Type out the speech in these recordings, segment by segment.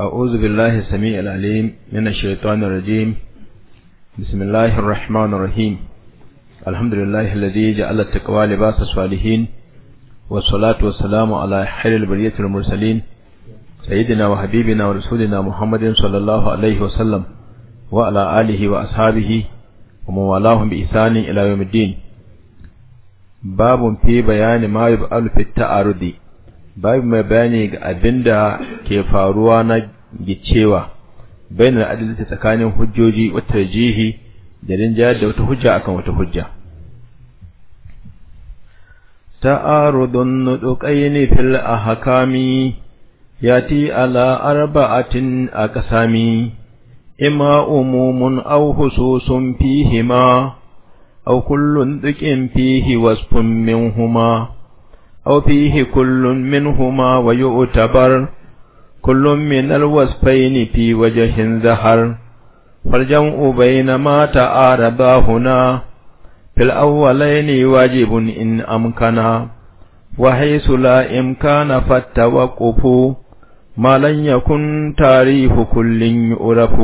أعوذ بالله السميع العليم من الشيطان الرجيم بسم الله الرحمن الرحيم الحمد لله الذي جعل التقوى لباس الصالحين والصلاة والسلام على خير البرية المرسلين سيدنا وحبيبنا ورسولنا محمد صلى الله عليه وسلم وعلى آله وأصحابه ومن والاهم بإحسان إلى يوم الدين باب في بيان ما يبقى في التعارض babu mai bayani ga abinda ke faruwa na gicewa bainal adalci tsakanin hujjoji wa tarjihi da rinjayar da wata hujja akan wata hujja ta'arudun nuduqaini fil ahkami yati ala arba'atin aqsami imma umumun aw hususun fihima aw kullun duqin fihi wasfun huma. أو فيه كل منهما ويؤتبر كل من الوصفين في وجه ذهر فالجمع بين ما تعارضا هنا في الأولين واجب إن أمكنا وحيث لا إمكان فالتوقف ما لن يكن تاريخ كل يعرف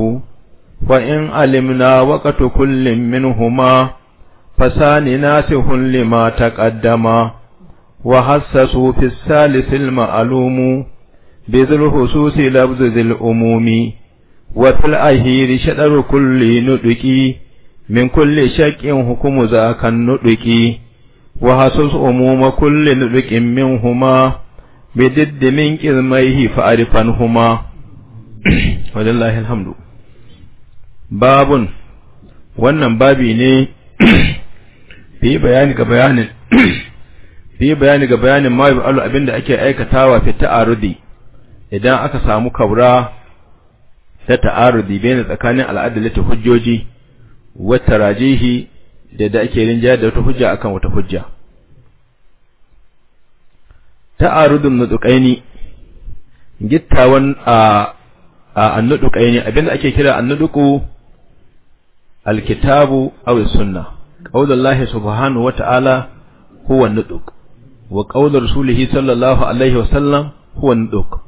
وإن علمنا وقت كل منهما فسان ناسه لما تقدما وحسسوا في الثالث المعلوم بذل الخصوص لفظ ذي الأموم وفي الأهير شدر كل نطق من كل شك حكم ذاك النطق وحسس أموم كل نطق منهما بدد من كذميه فأرفنهما ولله الحمد باب wannan babi ne fi bayani ga bayanin fi bayani ga bayanin ma yu'alu abinda ake aikatawa fi ta'arudi idan aka samu kaura ta ta'arudi bayan tsakanin al'adalati hujjoji wata tarajihi da da ake rinjaya da wata hujja akan wata hujja ta'arudun nutsukaini gittawan a annudukaini abinda ake kira annuduku alkitabu aw sunna qaulullahi subhanahu wa ta'ala huwa wa ƙaunar rasulihi sallallahu alaihi wa sallam huwa nuduk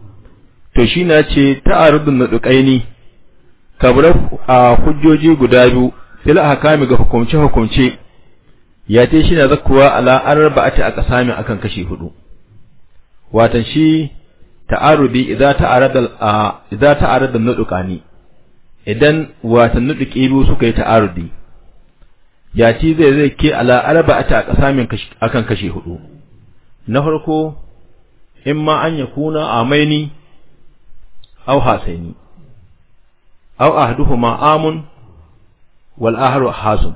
to shi na ce ta'arudun nudukaini kabura a hujjoji guda biyu fil ahkami ga hukumce hukumce ya ce shi na zakkuwa ala arba'ati a kasami akan kashi hudu watan shi ta'arudi idza ta'arada idza ta'arada nudukani idan watan nuduki biyu suka yi ta'arudi ya ci zai zai ke ala arba'ati a kasamin akan kashi hudu na farko in ma an yakuna amaini aw hasaini aw ahduhuma amun wal ahru hasun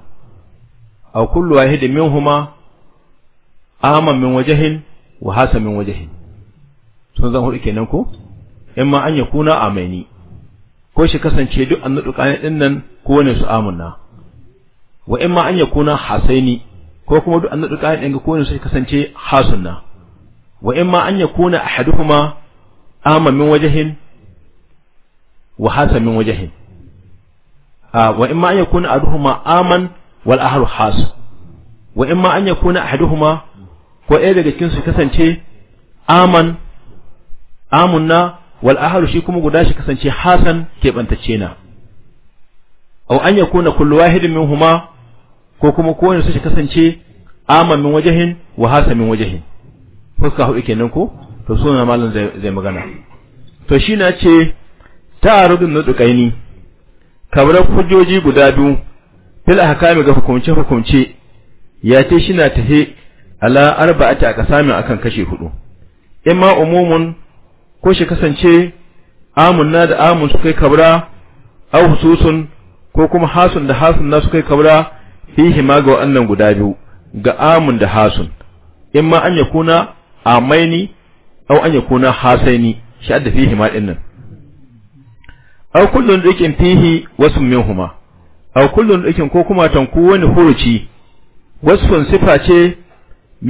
aw kullu wahidin minhuma aman min wajhin wa hasan min wajhin sun zan hudu kenan ko in ma an yakuna amaini ko shi kasance duk an nuduka nan ko wani su amunna wa in ma an yakuna hasaini ko kuma duk annabi ƙarin ɗin ga kowane su kasance hasunna wa in ma an ya kuna ahaduhuma amma min wajahin wa hasan min wajahin ah, wa in ma an ya kuna ahaduhuma aman wal ahru hasu wa in ma an ya kuna ahaduhuma ko ɗaya daga cikin su kasance aman amunna wal ahru shi kuma guda shi kasance hasan keɓantacce na aw an ya kuna kullu wahidin minhuma ko kuma kowane su shi kasance aman wajahin wa hasamin wajahin fuska hudu kenan ko to suna malam zai magana to shi na ce na nutuqaini kamar hujjoji guda biyu fil ahkami ga hukumce hukumce ya ce shi na tahe ala arba'ati a kasamin akan kashe hudu imma umumun ko shi kasance amun na da amun su kai kabra au hususun ko kuma hasun da hasun na su kai kabra fihi ma ga wannan guda biyu ga amun da hasun in ma an yakuna amaini aw an yakuna hasaini shi adda fihi ma dinnan aw kullun dukin fihi wasu huma aw kullun dukin ko kuma tanku wani huruci wasfun sifa ce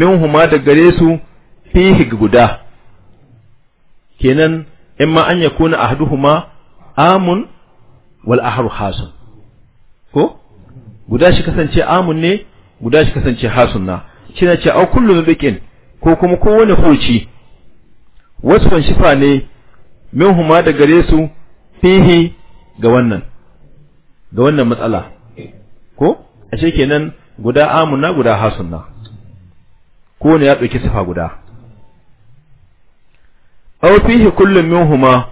huma da gare su fihi guda kenan in ma an yakuna ahduhuma amun wal ahru hasun guda shi kasance amun ne guda shi kasance hasunna shi na ce au kullu nubiqin ko kuma kowane wasu kan shifa ne min huma da gare su fihi ga wannan ga wannan matsala ko ashe kenan guda amunna guda hasunna ko ne ya ɗauki sifa guda Au fihi kullum huma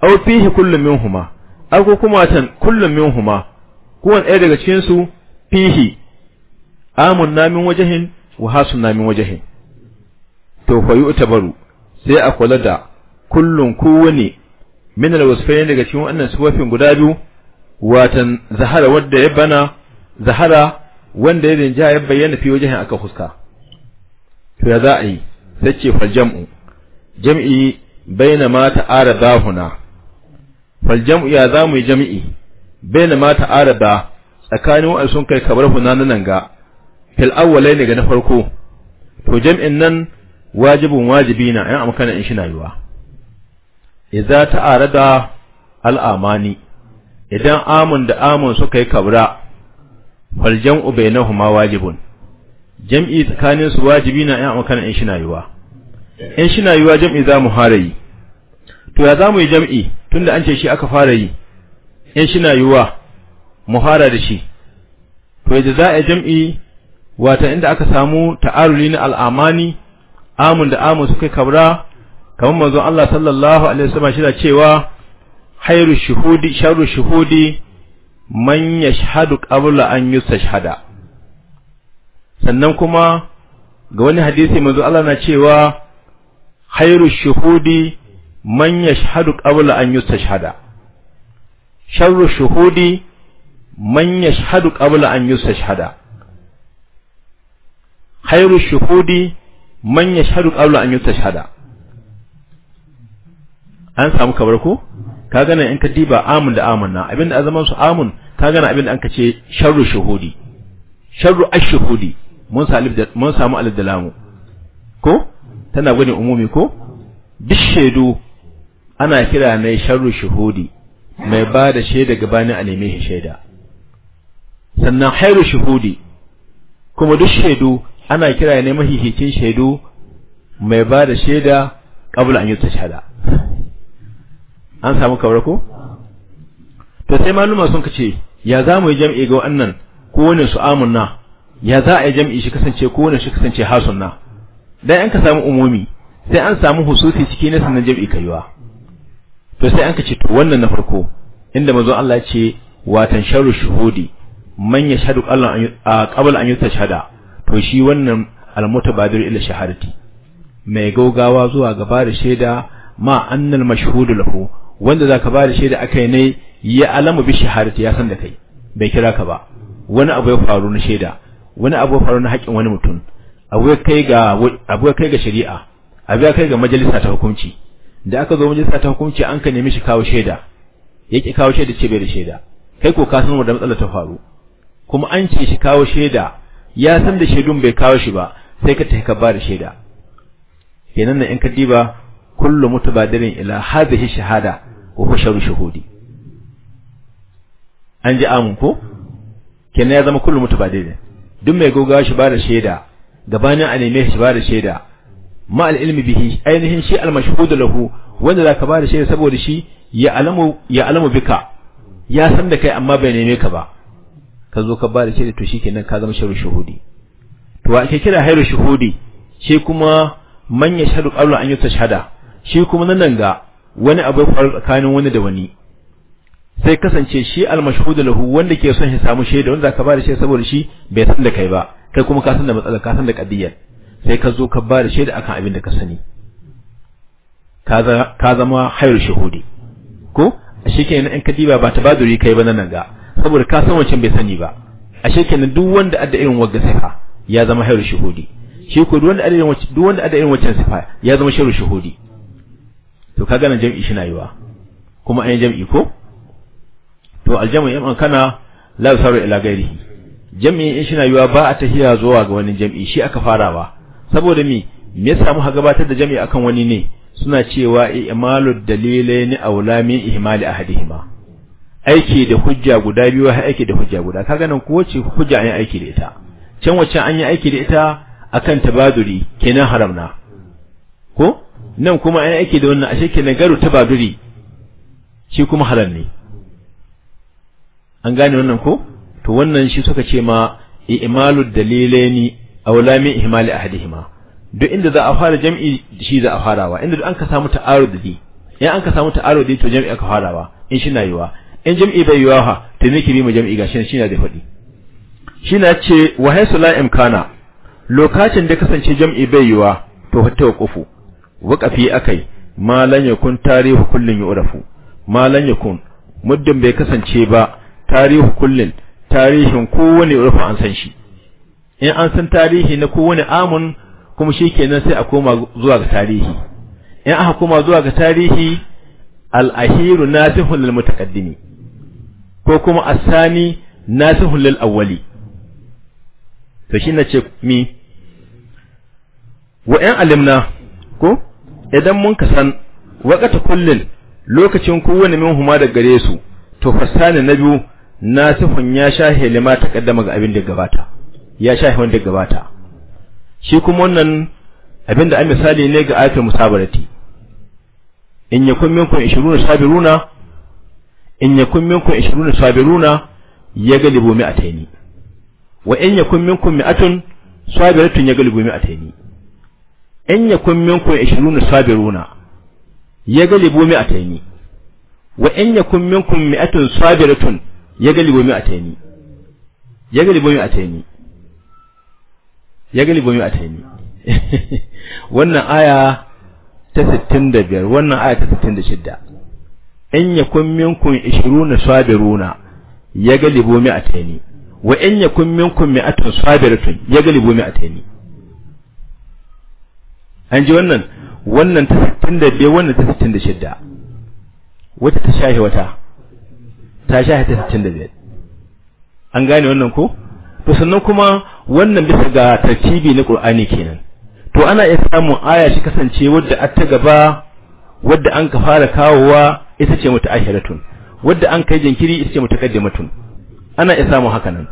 au fihi kullum minhuma aw ko kuma tan kullum huma kowane ɗaya daga cikin su fihi amun namin wajahin wa hasun namin wajahin to fa yu'tabaru sai a kula da kullun kowane min alwasfayn daga cikin wannan sifofin guda biyu watan zahara wanda ya bana zahara wanda ya rinja ya bayyana fi wajahin aka huska to ya za a yi sai ce fal jam'u jam'i baina ma ta'arada huna fal jam'u ya zamu yi jam'i baina ma ta'arada tsakanin wa'an sun kai kabar hunanan nan ga fil awwalai ne ga na farko to jam'in nan wajibin wajibi na yan amkana in shi na yiwa idza ta'arada al'amani idan amun da amun suka yi kabra fal jam'u bainahuma wajibun jam'i tsakanin su wajibi na yan amkana in shi na yiwa in shi na yiwa jam'i za mu fara yi. to ya za mu yi jam'i tunda an ce shi aka fara yi in shi na yiwa muhara da shi to yadda za a jam'i wata inda aka samu ta'aruli na al'amani amun da amun suka kabra kamar manzon Allah sallallahu alaihi wasallam shi da cewa hayru shuhudi sharru shuhudi man yashhadu qabla an yustashhada sannan kuma ga wani hadisi manzo Allah na cewa hayru shuhudi man yashhadu qabla an yustashhada sharru shuhudi man yashhadu qabla an shahada khairu shuhudi man yashhadu qabla an shahada. an samu kabar ku ka gane in ka diba amun da amun na abin a zaman su amun ka abin da an ka ce sharru shuhudi sharru ash-shuhudi mun salif da mun samu alif da lamu ko tana gwani umumi ko duk shaidu ana kira ne sharru shuhudi mai ba da shaida gabanin a neme shi shaida sannan hairu shuhudi kuma duk shaidu ana kira ne mahihicin shaidu mai ba da shaida qabla an shada an samu kawar ko to sai maluma sun kace ya za mu yi jam'i ga wannan ko wani su amunna ya za a yi jam'i shi kasance ko shi kasance hasunna dan an ka samu umumi sai an samu hususi ciki na sannan jam'i kaiwa to sai an kace to wannan na farko inda mazo Allah ce watan sharu shuhudi man yashhadu qabla an yutashhada to shi wannan almutabadir ila shahadati mai gaugawa zuwa gaba da shaida ma annal mashhudu lahu wanda zaka ba da shaida akai ne ya alamu bi shahadati ya san da kai bai kira ka ba wani abu ya faru na shaida wani abu ya faru na haƙin wani mutum abu ya kai ga abu ya kai ga shari'a abu ya kai ga majalisa ta hukunci da aka zo majalisa ta hukunci an ka nemi shi kawo shaida yake kawo shaida ce bai da shaida kai ko ka san wanda matsalar ta faru kuma an ce shi kawo shaida ya san da shaidun bai kawo shi ba sai ka tafi ka ba da shaida kenan nan in ka diba kullu mutabadirin ila hadhihi shahada wa huwa sharu shuhudi an ji amun ko kenan ya zama kullu mutabadirin duk mai gogawa shi ba da shaida gabanin a neme shi ba da shaida ma al-ilmi bihi ainihin shi al mashhud lahu wanda zaka ba da shaida saboda shi ya alamu ya alamu bika ya san da kai amma bai neme ka ba ka zo ka ba da shaida to shikenan ka zama sharu shuhudi to ake kira hairu shuhudi shi kuma man yashhadu qabla an shahada shi kuma nan ga wani abu faru tsakanin wani da wani sai kasance shi almashhudu lahu wanda ke son ya samu shaida wanda ka ba da shaida saboda shi bai san da kai ba kai kuma ka san da matsala ka san da qadiyyar sai ka zo ka ba da shaida akan abin da ka sani ka zama hairu shuhudi ko shikenan in ka diba ba tabaduri kai ba nan ga saboda ka san wancan bai sani ba a kenan duk wanda adda irin wagga sifa ya zama hayar shahudi shi ko duk wanda adda irin wancan duk wanda adda irin wancan sifa ya zama shiru shahudi to kaga nan jam'i shi na yiwa kuma an jam'i ko to aljami'i in an kana la saru ila gairihi jami'i in shi na yiwa ba a tahiya zuwa ga wani jam'i shi aka fara ba saboda me me samu muka gabatar da jam'i akan wani ne suna cewa i'malud dalilaini aula min ihmali ahadihima aiki da hujja guda biyu har aiki da hujja guda kaga nan ko wace hujja an yi aiki da ita can wacce an yi aiki da ita akan tabaduri kenan haramna ko nan kuma an yi aiki da wannan ashe kenan garu tabaduri shi kuma haram ne an gane wannan ko to wannan shi suka ce ma i'malu dalilaini aw min ihmal ahadihima duk inda za a fara jam'i shi za a farawa inda duk an ka samu ta'arudi in an ka samu ta'arudi to jam'i aka farawa in shi na yiwa in jam'i bai yiwa ha ta me ki bi mu jam'i ga shi na da faɗi shi na ce wa haisu la imkana lokacin da kasance jam'i bai yiwa to hatta waqufu waqafi akai ma lan yakun tarihu kullun yu'rafu ma lan yakun muddin bai kasance ba tarihu kullun tarihin kowane urfu an san shi in an san tarihi na kowane amun kuma shikenan sai a koma zuwa ga tarihi in aka koma zuwa ga tarihi al-ahiru nasihun lil mutaqaddimi ko kuma asani nasihul lil awwali to shi na ce mi wa in alimna ko idan mun ka san waqata kullin lokacin wani min huma da gare su to fasani na biyu nasihun ya shahe lima ta kaddama ga abin da gabata ya shahe wanda gabata shi kuma wannan abin da an misali ne ga ayatul musabarati in yakun minkum 20 sabiruna in yakun minkum 20 sabiruna yaglibu mi'ataini wa in yakun minkum mi'atun sabiratun yaglibu mi'ataini in yakun minkum 20 sabiruna yaglibu mi'ataini wa in yakun minkum mi'atun sabiratun yaglibu mi'ataini yaglibu mi'ataini yaglibu mi'ataini wannan aya ta 65 wannan aya ta 66 in yakun minkum 20 sabiruna yaglibu mi'ataini wa in yakun minkum mi'atun sabiratun a taini. an ji wannan wannan ta 65 wannan ta shidda wata ta shahi wata ta shahi ta biyar. an gane wannan ko to sannan kuma wannan bisa ga tartibi na Qur'ani kenan to ana iya samun aya shi kasance wadda a ta gaba wadda an ka fara kawowa ita ce muta'ahiratun wadda an kai jinkiri ita ce mutaqaddimatun ana iya samu haka nan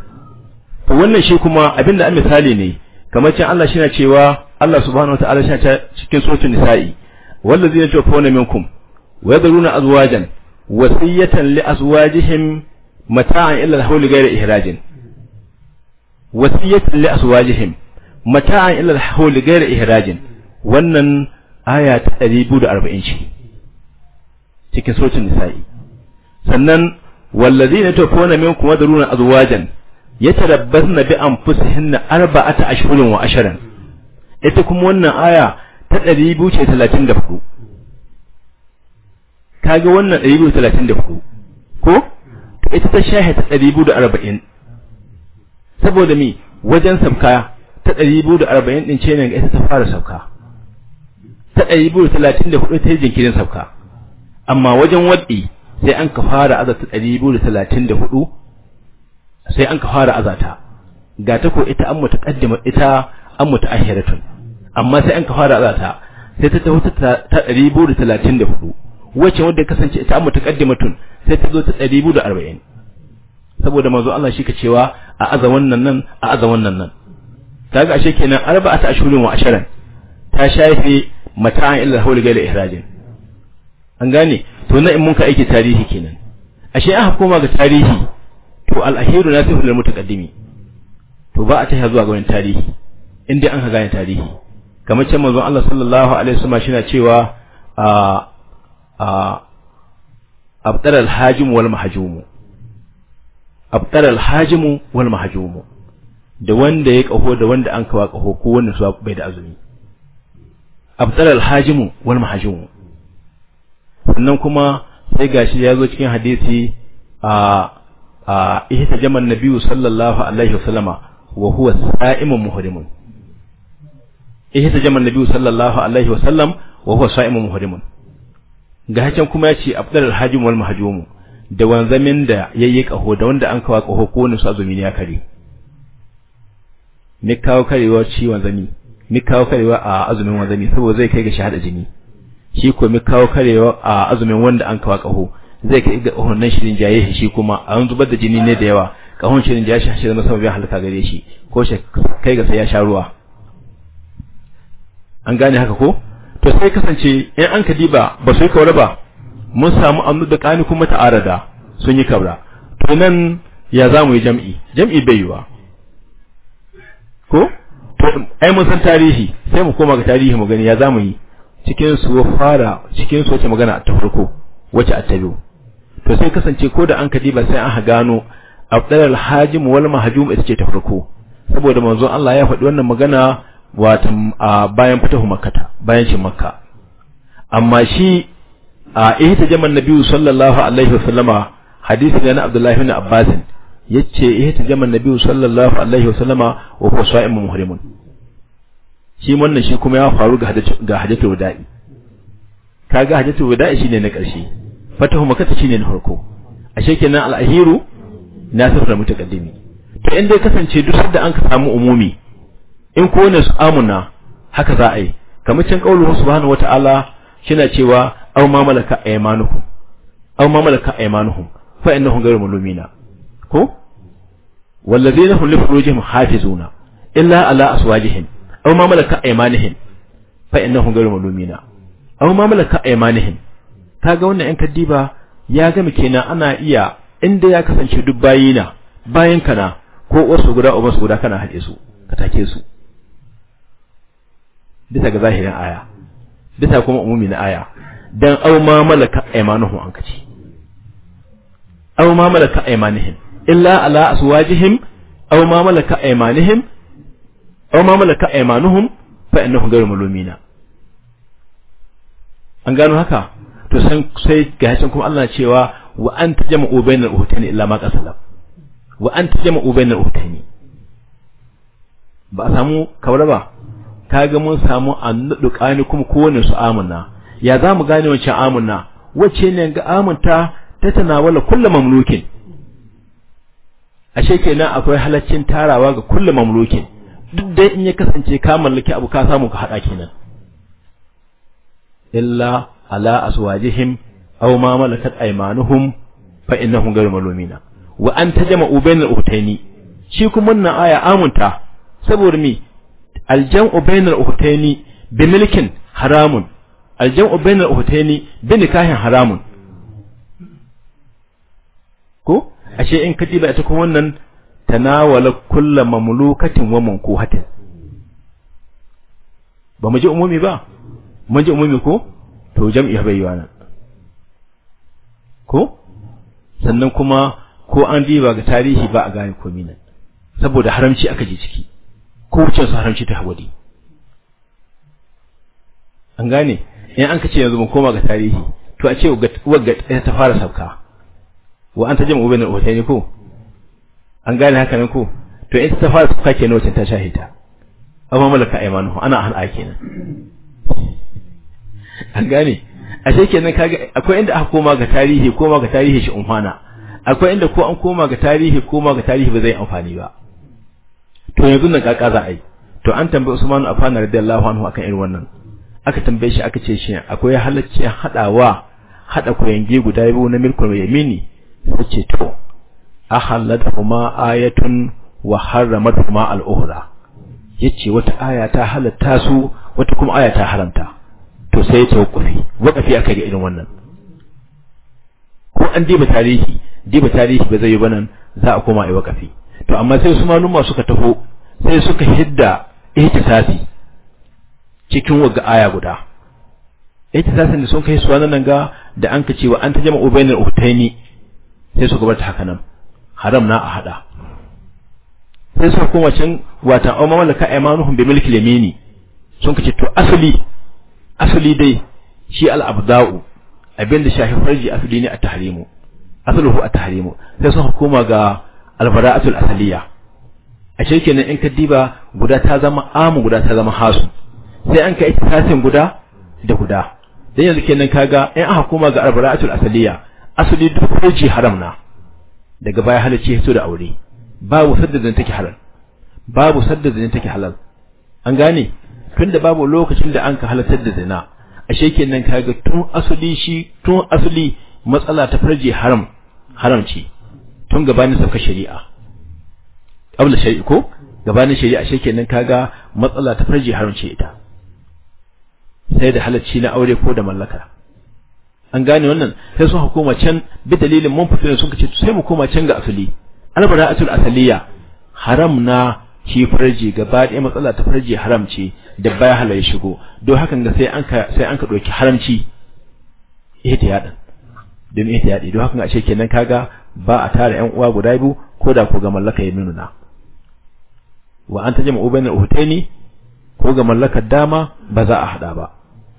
to wannan shi kuma abinda an misali ne kamar cin Allah shina cewa Allah subhanahu wataala shina ta cikin suratul nisa'i wallazina yatawafawna minkum wa yadruna azwajan wasiyatan li azwajihim mata'an illa al-hawl ghayra ihrajin wasiyatan li azwajihim mata'an illa al-hawl ghayra ihrajin wannan aya ta 240 ce cikin sojin nisa'i sannan wallazina tafuna minkum wadruna azwajan yatarabbasna bi anfusihinna arba'ata ashhurin wa asharan ita kuma wannan aya ta 234 kaga wannan 234 ko ita ta shahi ta 240 saboda mi wajen sabka ta 240 din ce ne ga ita ta fara sabka ta 234 ta yi jinkirin sabka amma wajen wad'i sai an ka fara azata 234 sai an ka fara azata ga ta ko ita an mutaqaddima ita an mutaahiratun amma sai an ka fara azata sai ta taho ta 234 wacce wanda kasance ita an mutaqaddimatun sai ta zo ta 240 saboda manzo Allah shi ka cewa a aza wannan nan a aza wannan nan kaga ashe kenan ta ashhurin wa asharan ta shafi mata'an illa hawli da ihrajin an gane to na in mun ka aiki tarihi kenan ashe aka koma ga tarihi to al-ahiru nasihu lil mutaqaddimi to ba a tafi zuwa ga wani tarihi inda an ka gane tarihi kamar cewa manzon Allah sallallahu alaihi wasallam shi na cewa a a abtar al-hajim wal mahjum abtar al-hajim wal mahjum da wanda ya kaho da wanda an kawa kaho ko wanda su bai da azumi abtar al-hajim wal mahjum sannan kuma sai gashi ya zo cikin hadisi a a ihta jaman nabiyyu sallallahu alaihi wasallama wa huwa sa'imun muhrimun ihta jaman nabiyyu sallallahu alaihi wasallam wa huwa sa'imun muhrimun ga hakan kuma ya ce abdal wal mahjum da wanzamin da yayi kaho da wanda an kawo kaho ko ne su azumi ne ya kare ni kawo karewa ciwon zami ni kawo karewa a azumin wanzami saboda zai kai ga shahada jini shi ko mi kawo karewa a azumin wanda an kawo kaho zai kai ga kahon nan shirin jaye shi kuma a an zubar da jini ne da yawa kahon shirin jaye shi zama sababin halaka gare shi ko shi kai ga sai ya sha ruwa an gane haka ko to sai kasance in an ka diba ba su yi ba mun samu amnu da kani kuma ta'arada sun yi kabra to nan ya za mu yi jam'i jam'i bai yiwa ko to ai mun san tarihi sai mu koma ga tarihi mu gani ya za mu yi cikin su fara cikin su wace magana ta farko wace a ta biyu to sai kasance ko da an kaji ba sai an gano abdalal hajim wal mahjum ita ce ta farko saboda manzon Allah ya faɗi wannan magana wato bayan fitahu makkata bayan shi makka amma shi a ihtijaman nabi sallallahu alaihi wasallama hadisi da na Abdullahi ibn Abbas yace ihtijaman nabi sallallahu alaihi wasallama wa fasaimu muhrimun shi wannan shi kuma ya faru ga hajjatul wada'i kaga hajjatul wada'i shine na ƙarshe fatahu makka shine na farko ashe kenan al-ahiru nasir da mutaqaddimi to inda kasance duk da an ka samu umumi in ko ne su amuna haka za a yi kamar cin kaulu subhanahu wataala shine cewa aw ma malaka aymanuhum aw ma malaka aymanuhum fa innahum ghayru mulumina ko والذين هم لفروجهم حافظون إلا على أسواجهم aw ma malaka aymanihim fa innahum ghayru malumina aw ma malaka aymanihim kaga wannan yan kaddiba ya ga kenan ana iya inda ya kasance duk bayina bayan kana ko wasu guda uban su guda kana haɗe su ka take su bisa ga zahirin aya bisa kuma umumi na aya dan aw ma malaka aymanuhum an kace aw ma malaka aymanihim illa ala aswajihim aw ma malaka aymanihim aw ma malaka aymanuhum fa innahum ghayru malumina an gano haka to san sai ga hasan kuma Allah cewa wa an tajma'u bainal uhtani illa ma qasala wa an tajma'u bainal uhtani ba a samu kawar ba kaga mun samu annudu kani kuma kowane su amuna ya za mu gane wancan amuna wacce ne ga amunta ta tanawala kullu mamlukin ashe kenan akwai halaccin tarawa ga kullu mamlukin duk dai in ya kasance ka mallaki abu ka samu ka haɗa kenan illa ala aswajihim aw ma malakat aymanuhum fa innahum ghayru malumina wa an tajma'u bainal ukhtaini shi kuma wannan aya amunta saboda mi aljam'u bainal ukhtaini bi milkin haramun aljam'u bainal ukhtaini bi nikahin haramun ko ashe in ba ita kuma wannan tanawala kullu mamlukatin wa mankuhatin ba mu ji umumi ba mu ji umumi ko to jam'i bai yi nan ko sannan kuma ko an diba ga tarihi ba a gane komai nan saboda haramci aka je ciki ko wucin su haramci ta hawadi an gane in an kace yanzu mun koma ga tarihi to a ce wagga ta fara sauka wa an ta jama'u bainal uhsayni ko an gane haka ne ko to in ta fara kuka kenan wacce ta shahita amma malaka imanu ana hal'a kenan an gane ashe kenan kaga akwai inda aka koma ga tarihi koma ga tarihi shi umfana akwai inda ko an koma ga tarihi koma ga tarihi ba zai amfani ba to yanzu nan kaka za a yi to an tambayi Usman da radiyallahu anhu akan irin wannan aka tambaye shi aka ce shi akwai halacci hadawa hada kuyange guda biyu na milkul yamini sai ce to ahallathuma ayatun wa harramathuma al-ukhra yace wata aya ta halatta su wata kuma aya ta haranta to sai ya tawqufi waqafi aka ga irin wannan ko an diba tarihi diba tarihi ba zai yi banan za a koma ai waqafi to amma sai su maluma suka taho sai suka hidda ihtisasi cikin waga aya guda ihtisasin da sun kai su nan ga da an ka cewa an ta jama'u bainal uktaini sai suka bar ta haka nan haram na a hada sai sun kuma can wata amma wala ka imanuhum bi milki lamini sun kace to asali asali dai shi al abda'u abinda shahi farji asali ne a tahrimu asaluhu a tahrimu sai sun hukuma ga al bara'atul asaliya a kenan in ka diba guda ta zama amu guda ta zama hasu sai an ka ikitasin guda da guda dan yanzu kenan kaga in aka koma ga al bara'atul asaliya asali duk farji haram na daga baya halacci ya hito da aure babu saddadin take halal babu saddadin take halal an gane tunda babu lokacin da an ka halatar da zina ashe kenan kaga tun asali shi tun asali matsala ta farje haram haramci tun gabanin sauka shari'a abla shari'a ko gabanin shari'a ashe kenan kaga matsala ta farje haramci ita sai da halacci na aure ko da mallaka an gane wannan sai sun hukuma can bi dalilin mun fitina sun kace sai mu koma can ga asali albara'atul asaliya haram na shi farji gaba da matsala ta farji haram ce da baya halar shigo don hakan ga sai an ka sai an ka doki haramci ihtiyadin don ihtiyadi don hakan a ce kenan kaga ba a tara yan uwa guda biyu ko da ko ga mallaka ya nuna wa an ta tajma ubayna uhtaini ko ga mallakar dama ba za a hada ba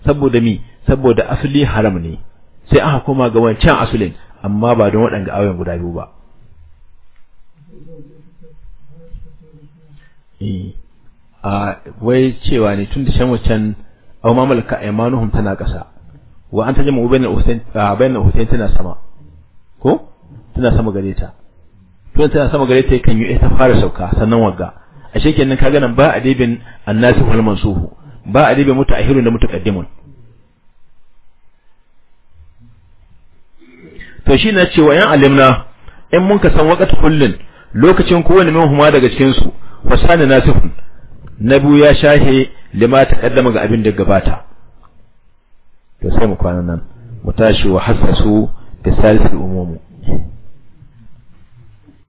saboda mi saboda asali haram ne sai aka koma ga wancan asulin amma ba don waɗanga ayoyin guda biyu ba eh, a wai cewa ne tun da shan wancan aw ma malaka tana ƙasa wa an tajmu bainal husayn bainal husayn tana sama ko tana sama gare ta tun tana sama gare ta kan yi ta fara sauka sannan wagga ashe kenan kaga nan ba adibin annasi wal mansuhu ba adibin mutaahiru da mutaqaddimun to shi na cewa yan alimna in mun ka san wakati kullun lokacin kowane min huma daga cikin su fasana na biyu ya shahe lima ta kaddama ga abin da gabata to sai mu kwana nan mu tashi wa hassasu da salisul umumu